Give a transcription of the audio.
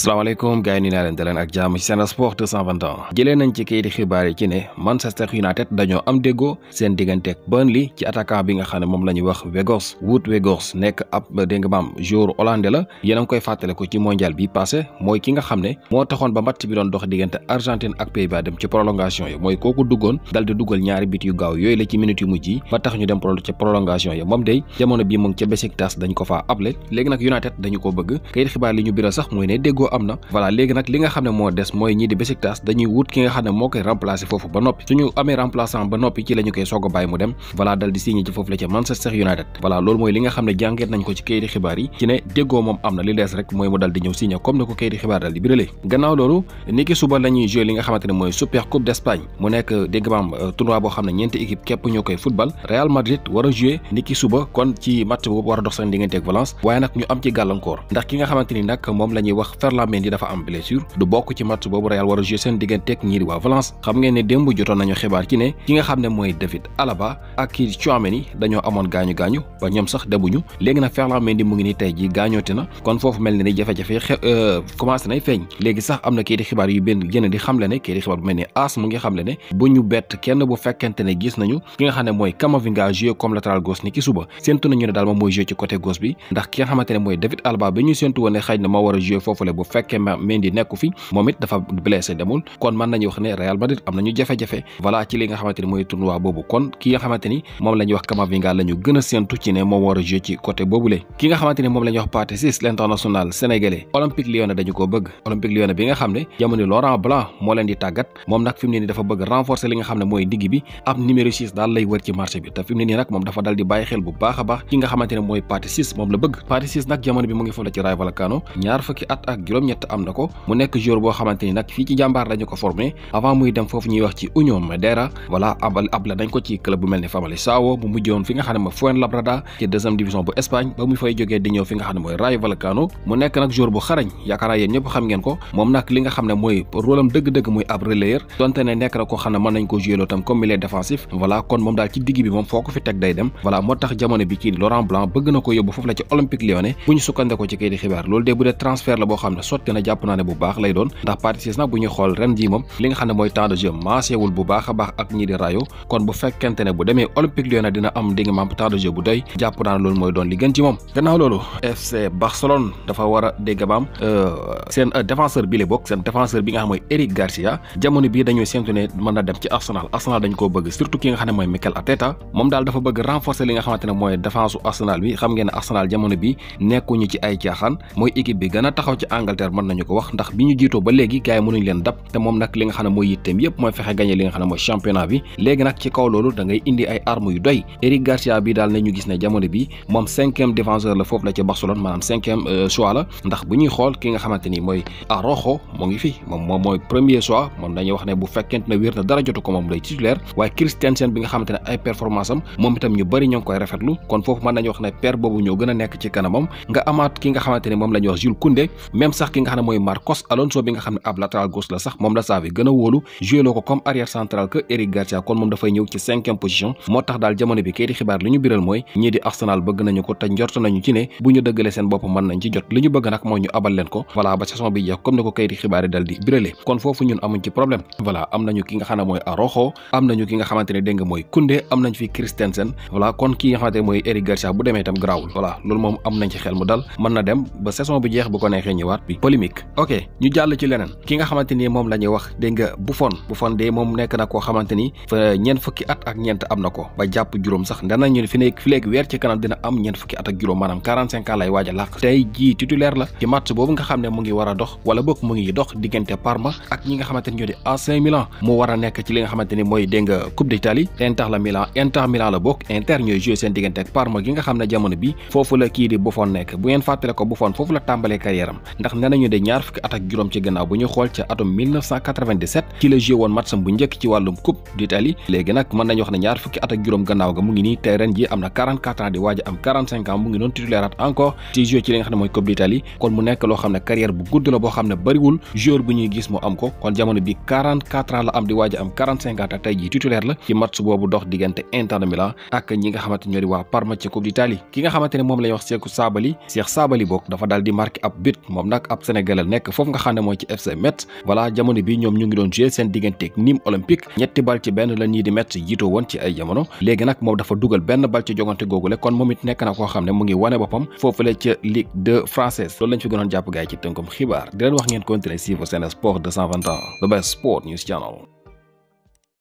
salaamaaleykum gars yi nii naa leen daleen ak jàmm ci seen sport 221 jëlee nañ ci kayiti xibaar yi ci ne Manchester United dañoo am déggoo seen digganteeg Burnley ci attaquant bi nga xam ne moom la ñuy wax Weghorst Wout Weghorst nekk ab dégg maam joueur hollandais la yéen a ngi koy fàttaliku ci mondial bi passé mooy ki nga xam ne moo taxoon ba match bi doon dox diggante Argentine ak Pays-Bas dem ci prolongation yi mooy kooku duggoon dal dugal ñaari bit yu gaaw yooyu la ci ñu dem prolo ci prolongation yi moom day jamono bii mu ngi ca Besiktas dañ ko faa able léegi nag déggoo léegi nag li nga xam ne moo des mooy ñii di Besiktas dañuy wut ki nga xam ne moo koy remplacer foofu ba noppi suñu amee remplaçant ba noppi ci la koy soog a mu dem voilà dal di signé ci foofu la déggoo moom am na li des rek mooy mu dal di ñëw signé comme ni ko kayiti xibaar dal di biralee gannaaw loolu ni suba la ñuy li nga xamante mooy Super Coupe d'Espagne mu nekk dégg maam euh, xam ne ñeenti équipe képp ñoo koy football Ferland Mendy dafa am blessure du bokk ci match boobu Real war a jouer seen digganteeg ñii waa Valence xam ngeen démb jotoon nañu xibaar ci ne ki nga xam ne mooy David Alaba ak euh, comme latéral gauche ni ki suba séntu nañu ne daal mooy joué ci côté gauche bi ndax ki nga xamante ne mooy David Alaba bi ñu séntu woon ne xëy na moo war a joué bu ma mendi nekku fi momit dafa blessé demul kon man nañu wax né Real Madrid am nañu jafe-jafe voilà ci li nga xamanteni moy tournoi bobu kon ki nga xamanteni mom lañu wax Camavinga lañu gëna sentu ci né mo wara a jouer ci côté lé ki nga xamanteni mom lañu wax Pathé Ciss l'international sénégalais Olympique Lyonnais dañu ko bëgg Olympique Lyonnais bi nga xamné jamono Laurent Blanc mo leen di tagat mom nak fimné ni dafa bëgg renforcer li nga xamné moy digg bi ab numéro 6 dal lay wër ci marché bi ta fimné ni nak mom dafa dal di baye xel bu baaxa baax ki nga xamanteni moy mooy Pathé nak la bëgg Pathé Ciss nag jamono bi mo ngi la ci Rayo Vallecano ñaar fukki at ak juróom ñett am na ko mu nekk joueur boo xamante ni nag fii ci jàmbaar lañu ko formé avant muy dem foofu ñuy wax ci union madera voilà abal abla nañ ko ci club bu mel ni famalisao mu mujjoon fi nga xam ne fuen labrada ci deuxième division bu espagne ba muy fay jógee di ñëw fi nga xam ne mooy rayo valcano. mu nekk nag joueur bu xarañ yaakaar naa yéen ñëpp xam ngeen ko moom nag li nga xam ne mooy rôle am dëgg-dëgg muy ab relayeur donte ne nekk na ko xam ne mën nañ ko jouer loo tam comme milieu défensif voilà kon moom daal ci digg bi moom foo ko fi teg day dem voilà moo tax jamono bi kii laurent blanc bëgg na ko yóbbu foofu la ci olympique lyonnais bu ñu ko ci kay di xibaar loolu bu dee transfert la boo xam sotti na japp naane bu baax lay doon ndax Pathé Ciss nag bu ñuy ren ji mom li nga xamne moy temps de jeu wul bu baaxa baax ak ñi di rayo kon bu fekkente ne bu demee olympique lyon dina am di nga maam temps de jeu bu doy japp naane lool moy doon li gën ci mom gannaaw loolu FC Barcelone dafa wara a dégg maam euh, seen euh, défenseur bi le bok sen défenseur bi nga xam moy Eric Garcia jamono bi dañu séntu ne mën dem ci Arsenal Arsenal dañ ko bëgg surtout ki nga xamne moy Michael Mikel Arteta mom dal dafa bëgg renforcer li nga xamante ne mooy défense Arsenal bi xam ngeen Arsenal jamono bi nekkuñu ci ay tiaxan moy équipe bi gëna taxaw ci Angleterre mën nañu ko wax ndax bi ñu jiitoo ba léegi gars mënuñu leen dab te moom nag li nga xam mooy yitteem yépp mooy fexe gagné li nga xam ne moom cinquième euh, wax ne bu fekkente sax ki nga xam ne mooy Marcos Alonso bi nga xam ab latéral gauche la sax moom la Xavi gën a wóolu joué loo ko comme arrière central que Eric Garcia kon moom dafay ñëw ci cinquième position moo tax daal jamono bi kayiti xibaar li ñu biral mooy ñii di Arsenal bëgg nañu ko te njort nañu ci ne bu ñu dëggalee seen bopp mën nañ ci jot li ñu bëgg nag mooy ñu abal leen ko voilà ba saison bi jeex comme ni ko kayiti xibaar yi dal di birale kon foofu ki nga xamante ne dégg mooy Koundé am nañ fi Christensen voilà kon ki nga xamante ne mooy Eric Garcia bu demee itam bi polémique ok ñu jall ci leneen ki nga xamanteni mom lañuy la wax de nga Buffon Buffon de mom nek na ko xamanteni fa fukki at ak ñent amna ko ba japp juroom sax dana ñu fi nek fi lek ci kanam dina am ñen fukki at ak juroom manam 45 ans lay waja lak tay ji titulaire la ci match bobu nga xam mu ngi wara dox wala bok mu ngi dox Parma ak ñi nga xamanteni ni di AC Milan mu wara nek ci li nga xamanteni moy mooy nga Coupe d'Italie Inter la Milan Inter Milan la bok Inter ñoy jouer sen Parma gi nga xam jamono bi fofu la ki di Buffon nek bu ñen fàttale ko Buffon fofu la tambalé carrière ndax nga nañu de ñaar fukki at ak juróom ci gannaaw bu ñu xool ci atum 1997 ci la jeu won matsam bu ñëk ci walum coupe d'italie légui nak mën nañu wax ne ñaar fukki at ak juróom gannaaw ga mu ngi ni tey ji amna 44 ans di waji am 45 ans mu ngi non titulaire at encore ci jeu ci li nga xam moy coupe d'italie kon mu nekk lo xam carrière bu gudd la bo xam bari wul joueur bu ñuy gis mo am ko kon jamono bi 44 ans la am di waji am 45 ans tay ji titulaire la ci match bobu dox diggante Inter de Milan ak ñi nga xamante ñori wa Parma ci coupe d'italie ki nga xamante mom lañ wax Cheikh Sabali Cheikh Sabali bok dafa daldi marquer ab but mom nak ak ab sénégalais nekk foofu nga xam ne mooy ci FC Metz voilà jamono bi ñoom ñu ngi doon jouer seen digganteeg Nîmes Olympique ñetti bal ci benn la ñii di Metz jiitoo woon ci ay jamono léegi nag moom dafa dugal benn bal ci jogante googule kon moom it nekk na koo xam ne mu ngi wane boppam foofule ca Ligue 2 française loolu lañ fi gënoon jàpp gaay ci tënkum xibaar di leen wax ngeen continuer suivre Sen Sport 221 the best sport news channel